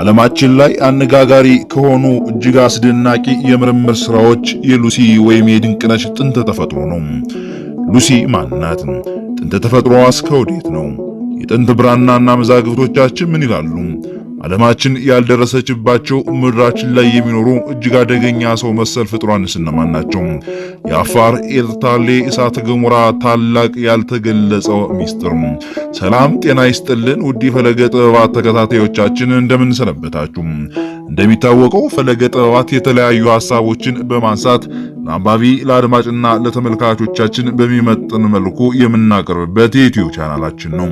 ዓለማችን ላይ አነጋጋሪ ከሆኑ እጅግ አስደናቂ የምርምር ስራዎች የሉሲ ወይም የድንቅነሽ ጥንተ ተፈጥሮ ነው። ሉሲ ማናት? ጥንተ ተፈጥሮዋስ ከወዴት ነው? የጥንት ብራናና መዛግብቶቻችን ምን ይላሉ? ዓለማችን ያልደረሰችባቸው ምድራችን ላይ የሚኖሩ እጅግ አደገኛ ሰው መሰል ፍጥሯን እነማን ናቸው? የአፋር ኤርታሌ እሳተ ገሞራ ታላቅ ያልተገለጸው ሚስጥር። ሰላም ጤና ይስጥልን ውድ ፈለገ ጥበባት ተከታታዮቻችን እንደምን ሰነበታችሁ? እንደሚታወቀው ፈለገ ጥበባት የተለያዩ ሐሳቦችን በማንሳት ለአንባቢ ለአድማጭና ለተመልካቾቻችን በሚመጥን መልኩ የምናቀርብበት የዩቲዩብ ቻናላችን ነው።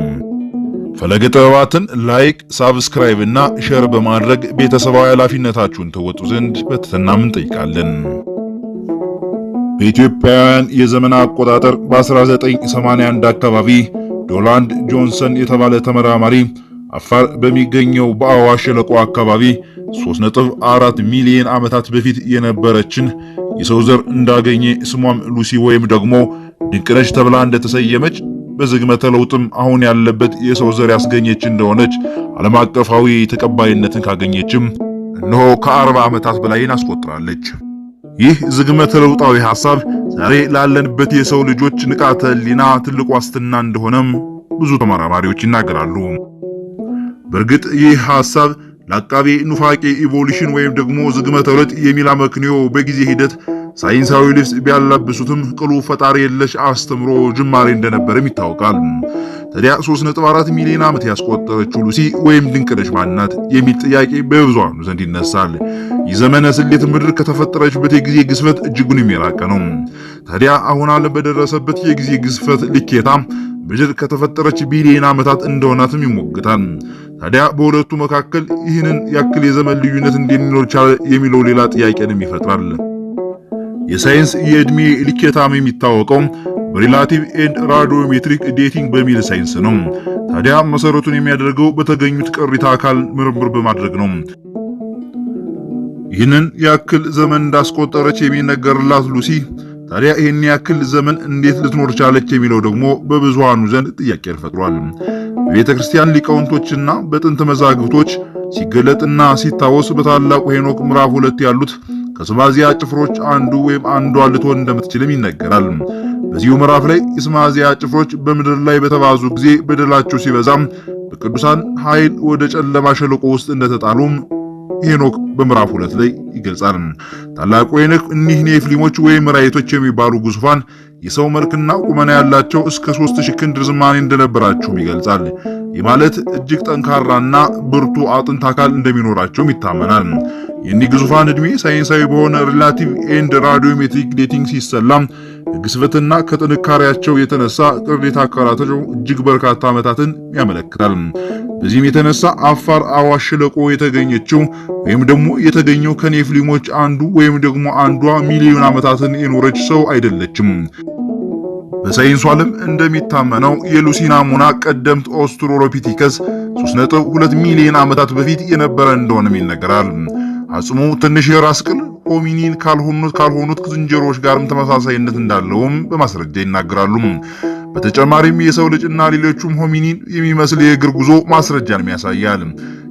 ፈለገ ጥበባትን ላይክ፣ ሳብስክራይብ እና ሼር በማድረግ ቤተሰባዊ ኃላፊነታችሁን ተወጡ ዘንድ በትህትና እንጠይቃለን። በኢትዮጵያውያን የዘመን አቆጣጠር በ1981 አካባቢ ዶናልድ ጆንሰን የተባለ ተመራማሪ አፋር በሚገኘው በአዋሽ ሸለቆ አካባቢ 3.4 ሚሊዮን ዓመታት በፊት የነበረችን የሰው ዘር እንዳገኘ ስሟም ሉሲ ወይም ደግሞ ድንቅነሽ ተብላ እንደተሰየመች በዝግመተ ለውጥም አሁን ያለበት የሰው ዘር ያስገኘች እንደሆነች ዓለም አቀፋዊ ተቀባይነትን ካገኘችም እነሆ ከአርባ ዓመታት በላይን አስቆጥራለች። ይህ ዝግመተ ለውጣዊ ሐሳብ ዛሬ ላለንበት የሰው ልጆች ንቃተ ሕሊና ትልቅ ዋስትና እንደሆነም ብዙ ተመራማሪዎች ይናገራሉ። በእርግጥ ይህ ሐሳብ ለአቃቤ ኑፋቄ ኢቮሉሽን ወይም ደግሞ ዝግመተ ለውጥ የሚል አመክንዮ በጊዜ ሂደት ሳይንሳዊ ልብስ ቢያላብሱትም ቅሉ ፈጣሪ የለሽ አስተምሮ ጅማሬ እንደነበረም ይታወቃል። ታዲያ 3.4 ሚሊዮን ዓመት ያስቆጠረችው ሉሲ ወይም ድንቅነሽ ማናት የሚል ጥያቄ በብዙሃኑ ዘንድ ይነሳል። የዘመነ ስሌት ምድር ከተፈጠረችበት የጊዜ ግዝፈት እጅጉን የሚራቀ ነው። ታዲያ አሁን ዓለም በደረሰበት የጊዜ ግዝፈት ልኬታ ምድር ከተፈጠረች ቢሊዮን ዓመታት እንደሆናትም ይሞግታል። ታዲያ በሁለቱ መካከል ይህንን ያክል የዘመን ልዩነት እንዴት ሊኖር ቻለ የሚለው ሌላ ጥያቄንም ይፈጥራል። የሳይንስ የእድሜ ልኬታም የሚታወቀው በሪላቲቭ ኤንድ ራዲዮሜትሪክ ዴቲንግ በሚል ሳይንስ ነው። ታዲያ መሰረቱን የሚያደርገው በተገኙት ቅሪተ አካል ምርምር በማድረግ ነው። ይህንን ያክል ዘመን እንዳስቆጠረች የሚነገርላት ሉሲ ታዲያ ይህን ያክል ዘመን እንዴት ልትኖር ቻለች የሚለው ደግሞ በብዙሃኑ ዘንድ ጥያቄ ፈጥሯል። በቤተ ክርስቲያን ሊቃውንቶችና በጥንት መዛግብቶች ሲገለጥና ሲታወስ በታላቁ ሄኖክ ምዕራፍ ሁለት ያሉት ከስማዚያ ጭፍሮች አንዱ ወይም አንዷ ልትሆን እንደምትችልም ይነገራል። በዚሁ ምዕራፍ ላይ የስማዚያ ጭፍሮች በምድር ላይ በተባዙ ጊዜ በደላቸው ሲበዛም በቅዱሳን ኃይል ወደ ጨለማ ሸለቆ ውስጥ እንደተጣሉም ሄኖክ በምዕራፍ ሁለት ላይ ይገልጻል። ታላቁ ሄኖክ እኒህ ኔፍሊሞች ወይም ራይቶች የሚባሉ ግዙፋን የሰው መልክና ቁመና ያላቸው እስከ ሦስት ሺህ ክንድ ርዝማኔ እንደነበራቸውም ይገልጻል። የማለት እጅግ ጠንካራና ብርቱ አጥንት አካል እንደሚኖራቸውም ይታመናል። የኒህ ግዙፋን ዕድሜ ሳይንሳዊ በሆነ ሪላቲቭ ኤንድ ራዲዮሜትሪክ ዴቲንግ ሲሰላም ግስበትና ከጥንካሬያቸው የተነሳ ቅርዴት አካላታቸው እጅግ በርካታ ዓመታትን ያመለክታል። በዚህም የተነሳ አፋር አዋሽ ሸለቆ የተገኘችው ወይም ደግሞ የተገኘው ከኔፍሊሞች አንዱ ወይም ደግሞ አንዷ ሚሊዮን ዓመታትን የኖረች ሰው አይደለችም። በሳይንሱ ዓለም እንደሚታመነው የሉሲ ናሙና ቀደምት ኦስትሮሎፒቲከስ 3.2 ሚሊዮን ዓመታት በፊት የነበረ እንደሆነም ይነገራል። አጽሙ ትንሽ የራስ ቅል ሆሚኒን ካልሆኑት ካልሆኑት ዝንጀሮዎች ጋርም ተመሳሳይነት እንዳለውም በማስረጃ ይናገራሉ። በተጨማሪም የሰው ልጅ እና ሌሎቹም ሆሚኒን የሚመስል የእግር ጉዞ ማስረጃንም ያሳያል።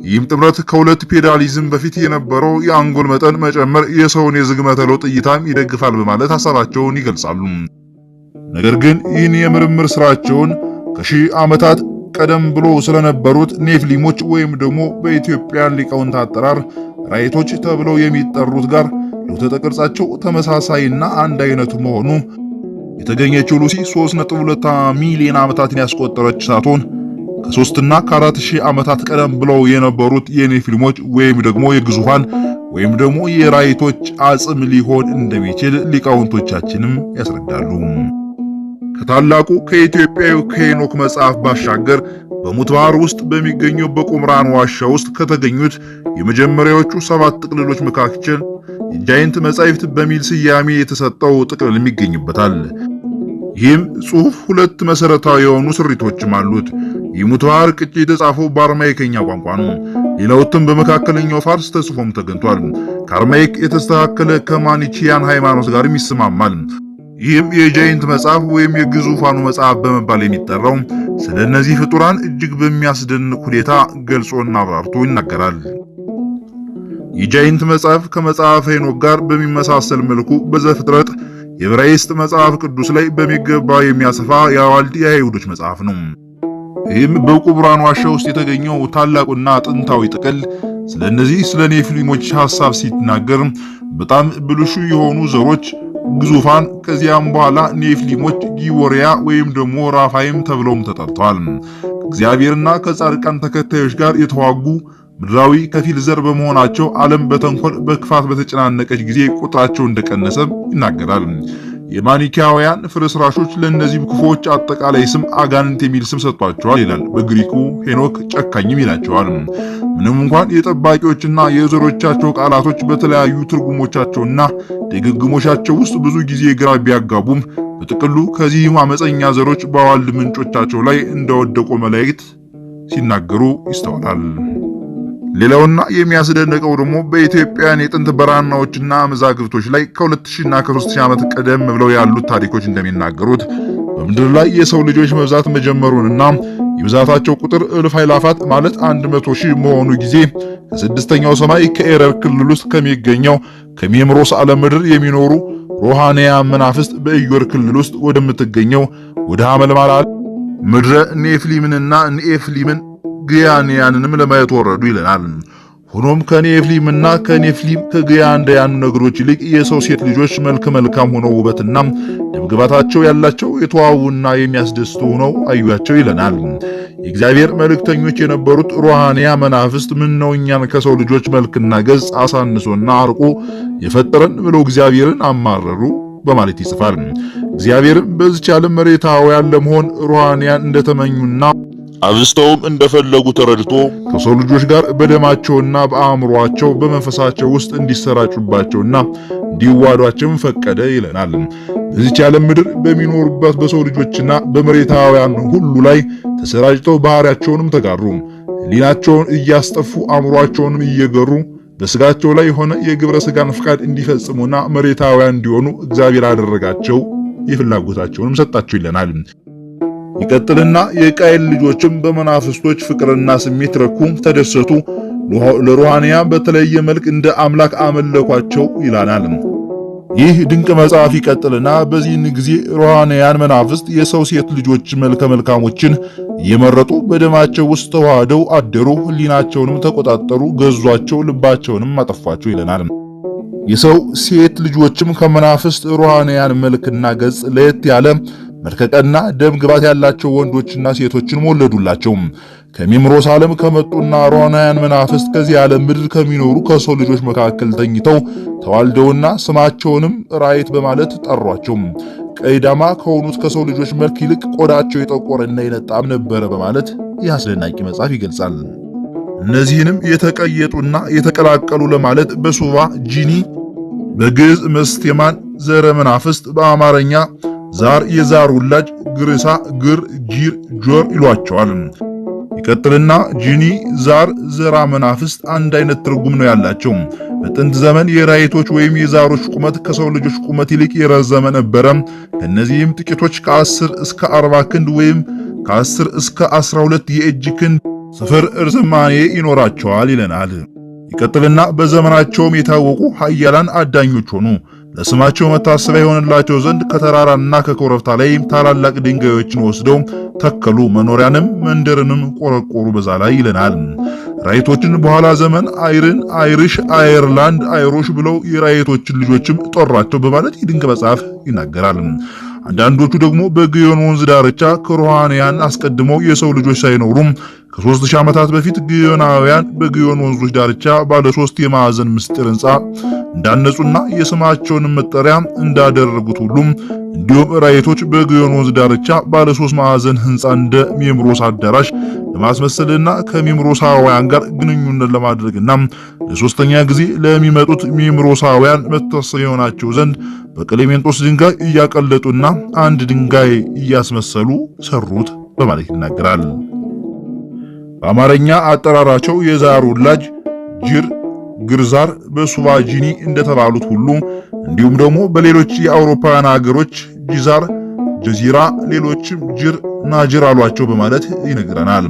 ይህም ጥምረት ከሁለት ፔዳሊዝም በፊት የነበረው የአንጎል መጠን መጨመር የሰውን የዝግመተ ለውጥ እይታም ይደግፋል በማለት ሀሳባቸውን ይገልጻሉ። ነገር ግን ይህን የምርምር ስራቸውን ከሺህ ዓመታት ቀደም ብሎ ስለነበሩት ኔፍሊሞች ወይም ደግሞ በኢትዮጵያን ሊቃውንት አጠራር ራይቶች ተብለው የሚጠሩት ጋር ለውተተ ቅርጻቸው ተመሳሳይና አንድ አይነት መሆኑ የተገኘችው ሉሲ 3.2 ሚሊዮን ዓመታትን ያስቆጠረች ሳትሆን ከሶስትና ከአራት ሺህ ዓመታት ቀደም ብለው የነበሩት የኔፍሊሞች ወይም ደግሞ የግዙፋን ወይም ደግሞ የራይቶች አጽም ሊሆን እንደሚችል ሊቃውንቶቻችንም ያስረዳሉ። ከታላቁ ከኢትዮጵያዊ ከሄኖክ መጽሐፍ ባሻገር በሙት ባህር ውስጥ በሚገኘው በቁምራን ዋሻ ውስጥ ከተገኙት የመጀመሪያዎቹ ሰባት ጥቅልሎች መካከል የጃይንት መጻሕፍት በሚል ስያሜ የተሰጠው ጥቅልል ይገኝበታል። ይህም ጽሑፍ ሁለት መሰረታዊ የሆኑ ስሪቶችም አሉት። የሙት ባህር ቅጭ የተጻፈው በአርማይክኛ ቋንቋ ነው። ሌላው እትም በመካከለኛው ፋርስ ተጽፎም ተገኝቷል። ከአርማይክ የተስተካከለ ከማኒቺያን ሃይማኖት ጋርም ይስማማል። ይህም የጃይንት መጽሐፍ ወይም የግዙፋኑ መጽሐፍ በመባል የሚጠራው ስለ እነዚህ ፍጡራን እጅግ በሚያስደንቅ ሁኔታ ገልጾና አብራርቶ ይናገራል። የጃይንት መጽሐፍ ከመጽሐፈ ሄኖክ ጋር በሚመሳሰል መልኩ በዘፍጥረት የዕብራይስጥ መጽሐፍ ቅዱስ ላይ በሚገባ የሚያሰፋ የአዋልድ የአይሁዶች መጽሐፍ ነው። ይህም በቁብራን ዋሻ ውስጥ የተገኘው ታላቁና ጥንታዊ ጥቅል ስለ እነዚህ ስለ ኔፊሊሞች ሐሳብ ሲናገር በጣም ብልሹ የሆኑ ዘሮች ግዙፋን ከዚያም በኋላ ኔፍሊሞች ጊቦሪያ ወይም ደግሞ ራፋይም ተብለውም ተጠርተዋል። ከእግዚአብሔርና ከጻድቃን ተከታዮች ጋር የተዋጉ ምድራዊ ከፊል ዘር በመሆናቸው ዓለም በተንኮል በክፋት በተጨናነቀች ጊዜ ቁጥራቸው እንደቀነሰ ይናገራል። የማኒካውያን ፍርስራሾች ለእነዚህ ክፉዎች አጠቃላይ ስም አጋንንት የሚል ስም ሰጥቷቸዋል ይላል። በግሪኩ ሄኖክ ጨካኝም ይላቸዋል። ምንም እንኳን የጠባቂዎችና የዘሮቻቸው ቃላቶች በተለያዩ ትርጉሞቻቸውና ድግግሞቻቸው ውስጥ ብዙ ጊዜ ግራ ቢያጋቡም በጥቅሉ ከዚህም አመፀኛ ዘሮች በአዋልድ ምንጮቻቸው ላይ እንደወደቁ መላእክት ሲናገሩ ይስተዋላል። ሌላውና የሚያስደንቀው ደግሞ በኢትዮጵያን የጥንት በራናዎችና መዛግብቶች ላይ ከ2000 እና ከ3000 ዓመት ቀደም ብለው ያሉት ታሪኮች እንደሚናገሩት በምድር ላይ የሰው ልጆች መብዛት መጀመሩንና የብዛታቸው ቁጥር እልፍ ኃይላፋት ማለት 100 ሺህ መሆኑ ጊዜ ከስድስተኛው ሰማይ ከኤረር ክልል ውስጥ ከሚገኘው ከሚምሮስ ዓለም ምድር የሚኖሩ ሮሃንያ መናፍስት በኢዮር ክልል ውስጥ ወደምትገኘው ወደ ሐመልማል ምድረ ኔፍሊምንና ኔፍሊምን ግያንያንንም ለማየት ወረዱ ይለናል። ሆኖም ከኔፍሊምና ከኔፍሊም ከግያን ዳያን ነገሮች ይልቅ የሰው ሴት ልጆች መልክ መልካም ሆነው ውበትና ደምግባታቸው ያላቸው የተዋቡና የሚያስደስቱ ሆነው አዩአቸው ይለናል። የእግዚአብሔር መልእክተኞች የነበሩት ሩሃንያ መናፍስት ምን ነው እኛን ከሰው ልጆች መልክና ገጽ አሳንሶና አርቆ የፈጠረን ብለው እግዚአብሔርን አማረሩ በማለት ይጽፋል። እግዚአብሔርም በዚች ዓለም መሬታውያን ለመሆን ሩሃንያን እንደተመኙና አብስተውም እንደፈለጉ ተረድቶ ከሰው ልጆች ጋር በደማቸውና በአእምሯቸው በመንፈሳቸው ውስጥ እንዲሰራጩባቸውና እንዲዋዷቸውም ፈቀደ ይለናል። በዚች ዓለም ምድር በሚኖሩበት በሰው ልጆችና በመሬታውያን ሁሉ ላይ ተሰራጭተው ባህሪያቸውንም ተጋሩ። ሕሊናቸውን እያስጠፉ አእምሯቸውንም እየገሩ በስጋቸው ላይ የሆነ የግብረ ስጋን ፍቃድ እንዲፈጽሙና መሬታውያን እንዲሆኑ እግዚአብሔር አደረጋቸው፣ የፍላጎታቸውንም ሰጣቸው ይለናል። ይቀጥልና የቃየል ልጆችም በመናፍስቶች ፍቅርና ስሜት ረኩ፣ ተደሰቱ፣ ለሩሃንያ በተለየ መልክ እንደ አምላክ አመለኳቸው ይላናል። ይህ ድንቅ መጽሐፍ ይቀጥልና በዚህን ጊዜ ሩሃንያን መናፍስት የሰው ሴት ልጆች መልከ መልካሞችን እየመረጡ በደማቸው ውስጥ ተዋህደው አደሩ፣ ህሊናቸውንም ተቆጣጠሩ፣ ገዟቸው፣ ልባቸውንም አጠፏቸው ይለናል። የሰው ሴት ልጆችም ከመናፍስት ሩሃንያን መልክና ገጽ ለየት ያለ መልከቀና ደም ግባት ያላቸው ወንዶችና ሴቶችን ወለዱላቸው። ከሚምሮስ ዓለም ከመጡና ሮናውያን መናፍስት ከዚህ ዓለም ምድር ከሚኖሩ ከሰው ልጆች መካከል ተኝተው ተዋልደውና ስማቸውንም ራይት በማለት ጠሯቸው። ቀይዳማ ከሆኑት ከሰው ልጆች መልክ ይልቅ ቆዳቸው የጠቆረና የነጣም ነበረ በማለት ይህ አስደናቂ መጽሐፍ ይገልጻል። እነዚህንም የተቀየጡና የተቀላቀሉ ለማለት በሱባ ጂኒ፣ በግዕዝ መስቴማን፣ ዘረ መናፍስት በአማርኛ ዛር የዛር ውላጅ ግርሳ ግር ጂር ጆር ይሏቸዋል። ይቀጥልና ጂኒ ዛር ዘራ መናፍስት አንድ አይነት ትርጉም ነው ያላቸው። በጥንት ዘመን የራይቶች ወይም የዛሮች ቁመት ከሰው ልጆች ቁመት ይልቅ የረዘመ ነበረ። ከነዚህም ጥቂቶች ከ10 እስከ 40 ክንድ ወይም ከ10 እስከ 12 የእጅ ክንድ ስፍር እርዝማኔ ይኖራቸዋል ይለናል። ይቀጥልና በዘመናቸውም የታወቁ ኃያላን አዳኞች ሆኑ። ለስማቸው መታሰቢያ የሆነላቸው ዘንድ ከተራራና ከኮረብታ ላይ ታላላቅ ድንጋዮችን ወስደው ተከሉ፣ መኖሪያንም መንደርንም ቆረቆሩ በዛ ላይ ይለናል። ራይቶችን በኋላ ዘመን አይርን፣ አይሪሽ፣ አየርላንድ፣ አይሮሽ ብለው የራይቶችን ልጆችም ጠሯቸው በማለት የድንቅ መጽሐፍ ይናገራል። አንዳንዶቹ ደግሞ በግዮን ወንዝ ዳርቻ ከሮሃንያን አስቀድመው የሰው ልጆች ሳይኖሩም ከሦስት ሺህ ዓመታት በፊት ግዮናውያን በግዮን ወንዞች ዳርቻ ባለ ሶስት የማዕዘን ምስጢር ሕንፃ እንዳነጹና የስማቸውን መጠሪያ እንዳደረጉት ሁሉም እንዲሁም ራይቶች በግዮን ወንዝ ዳርቻ ባለ ሶስት ማዕዘን ሕንፃ እንደ ሚምሮስ አዳራሽ ለማስመሰልና ከሚምሮሳውያን ጋር ግንኙነት ለማድረግና ለሶስተኛ ጊዜ ለሚመጡት ሚምሮሳውያን መታሰቢያ የሆናቸው ዘንድ በቀሌሜንጦስ ድንጋይ እያቀለጡና አንድ ድንጋይ እያስመሰሉ ሰሩት በማለት ይናገራል። በአማርኛ አጠራራቸው የዛር ወላጅ ጅር፣ ግርዛር በሱቫጂኒ እንደተባሉት ሁሉ እንዲሁም ደግሞ በሌሎች የአውሮፓውያን ሀገሮች ጂዛር፣ ጀዚራ፣ ሌሎችም ጅር ናጅር አሏቸው በማለት ይነግረናል።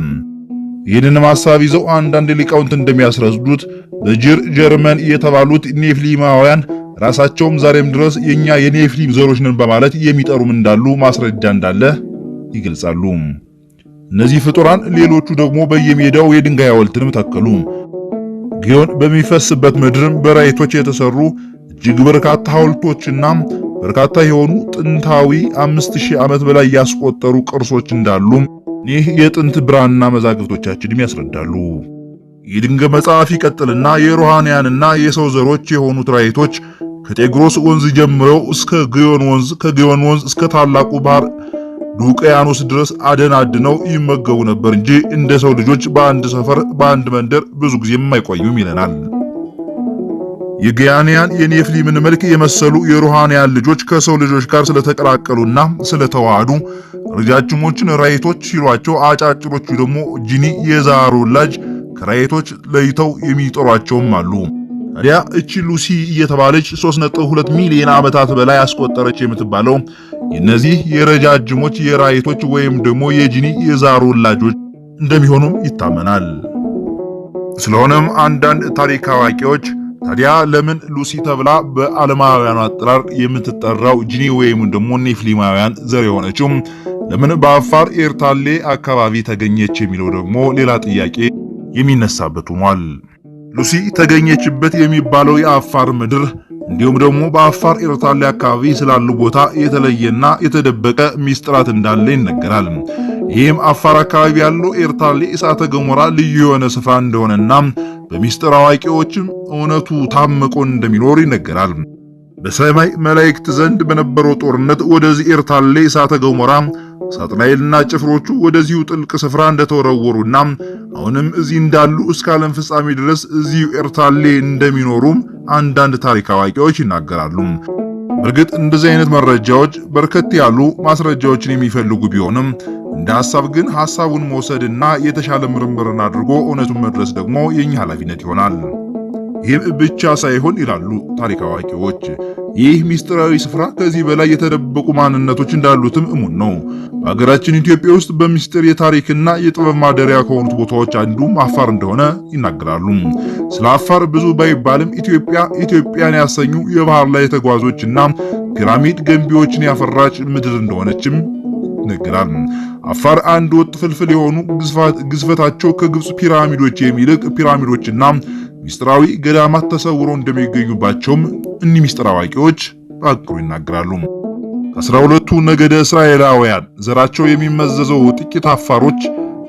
ይህንን ሐሳብ ይዘው አንዳንድ ሊቃውንት እንደሚያስረዱት በጅር ጀርመን የተባሉት ኔፍሊማውያን ራሳቸውም ዛሬም ድረስ የኛ የኔፍሊም ዘሮች ነን በማለት የሚጠሩም እንዳሉ ማስረጃ እንዳለ ይገልጻሉ። እነዚህ ፍጡራን ሌሎቹ ደግሞ በየሜዳው የድንጋይ ሐውልትንም ተከሉ። ግዮን በሚፈስበት ምድርም በራይቶች የተሰሩ እጅግ በርካታ ሐውልቶችና በርካታ የሆኑ ጥንታዊ አምስት ዓመት በላይ ያስቆጠሩ ቅርሶች እንዳሉ ይህ የጥንት ብራና መዛግብቶቻችንም ያስረዳሉ። የድንገ መጽሐፍ ይቀጥልና የሮሃንያንና የሰው ዘሮች የሆኑት ራይቶች ከጤግሮስ ወንዝ ጀምረው እስከ ግዮን ወንዝ፣ ከግዮን ወንዝ እስከ ታላቁ ባህር ዱቅያኖስ ድረስ አደን አድነው ይመገቡ ነበር እንጂ እንደ ሰው ልጆች በአንድ ሰፈር በአንድ መንደር ብዙ ጊዜ የማይቆዩም ይለናል። የገያንያን የኔፍሊምን መልክ የመሰሉ የሩሃንያን ልጆች ከሰው ልጆች ጋር ስለተቀላቀሉና ስለተዋሃዱ ረጃጅሞችን ራይቶች ሲሏቸው፣ አጫጭሮቹ ደግሞ ጂኒ የዛሩ ላጅ ከራይቶች ለይተው የሚጠሯቸውም አሉ። ታዲያ እቺ ሉሲ እየተባለች 3.2 ሚሊዮን ዓመታት በላይ አስቆጠረች የምትባለው እነዚህ የረጃጅሞች የራይቶች ወይም ደግሞ የጂኒ የዛር ወላጆች እንደሚሆኑም ይታመናል። ስለሆነም አንዳንድ ታሪክ አዋቂዎች ታዲያ ለምን ሉሲ ተብላ በዓለማውያኑ አጠራር የምትጠራው ጂኒ ወይም ደግሞ ኔፍሊማውያን ዘር የሆነችው ለምን በአፋር ኤርታሌ አካባቢ ተገኘች የሚለው ደግሞ ሌላ ጥያቄ የሚነሳበት ሆኗል። ሉሲ ተገኘችበት የሚባለው የአፋር ምድር እንዲሁም ደግሞ በአፋር ኤርታሌ አካባቢ ስላሉ ቦታ የተለየና የተደበቀ ሚስጥራት እንዳለ ይነገራል። ይህም አፋር አካባቢ ያለው ኤርታሌ እሳተ ገሞራ ልዩ የሆነ ስፍራ እንደሆነና በሚስጥር አዋቂዎችም እውነቱ ታምቆ እንደሚኖር ይነገራል። በሰማይ መላእክት ዘንድ በነበረው ጦርነት ወደዚህ ኤርታሌ እሳተ ገሞራ ሳጥናኤልና ጭፍሮቹ ወደዚሁ ጥልቅ ስፍራ እንደተወረወሩና አሁንም እዚህ እንዳሉ እስከ ዓለም ፍጻሜ ድረስ እዚሁ ኤርታሌ እንደሚኖሩም አንዳንድ ታሪክ አዋቂዎች ይናገራሉ። እርግጥ እንደዚህ አይነት መረጃዎች በርከት ያሉ ማስረጃዎችን የሚፈልጉ ቢሆንም እንደ ሐሳብ ግን ሐሳቡን መውሰድና የተሻለ ምርምርን አድርጎ እውነቱን መድረስ ደግሞ የኛ ኃላፊነት ይሆናል። ይህም ብቻ ሳይሆን ይላሉ ታሪክ አዋቂዎች ይህ ሚስጥራዊ ስፍራ ከዚህ በላይ የተደበቁ ማንነቶች እንዳሉትም እሙን ነው። በሀገራችን ኢትዮጵያ ውስጥ በሚስጥር የታሪክና የጥበብ ማደሪያ ከሆኑት ቦታዎች አንዱም አፋር እንደሆነ ይናገራሉ። ስለ አፋር ብዙ ባይባልም ኢትዮጵያ ኢትዮጵያን ያሰኙ የባህር ላይ ተጓዞችና ፒራሚድ ገንቢዎችን ያፈራች ምድር እንደሆነችም ይነገራል። አፋር አንድ ወጥ ፍልፍል የሆኑ ግዝፈታቸው ከግብፅ ፒራሚዶች የሚልቅ ፒራሚዶችና ሚስጥራዊ ገዳማት ተሰውረው እንደሚገኙባቸውም እኒ ሚስጥር አዋቂዎች በአክሎ ይናገራሉ። ከአስራ ሁለቱ ነገደ እስራኤላውያን ዘራቸው የሚመዘዘው ጥቂት አፋሮች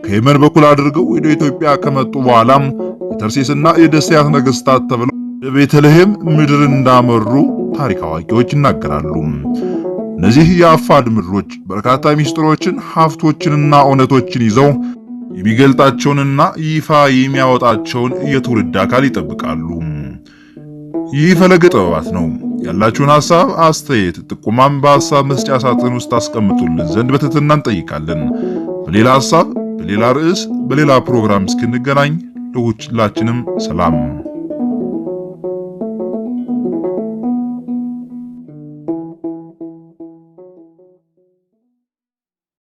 ከየመን በኩል አድርገው ወደ ኢትዮጵያ ከመጡ በኋላም የተርሴስና የደሴያት ነገስታት ተብለው ቤተልሔም ምድር እንዳመሩ ታሪክ አዋቂዎች ይናገራሉ። እነዚህ የአፋድ ምድሮች በርካታ ሚስጥሮችን ሀብቶችንና እውነቶችን ይዘው የሚገልጣቸውንና ይፋ የሚያወጣቸውን የትውልድ አካል ይጠብቃሉ። ይህ ፈለገ ጥበባት ነው። ያላችሁን ሐሳብ፣ አስተያየት፣ ጥቁማን በሐሳብ መስጫ ሳጥን ውስጥ አስቀምጡልን ዘንድ በትህትና እንጠይቃለን። በሌላ ሐሳብ፣ በሌላ ርዕስ፣ በሌላ ፕሮግራም እስክንገናኝ ለሁላችንም ሰላም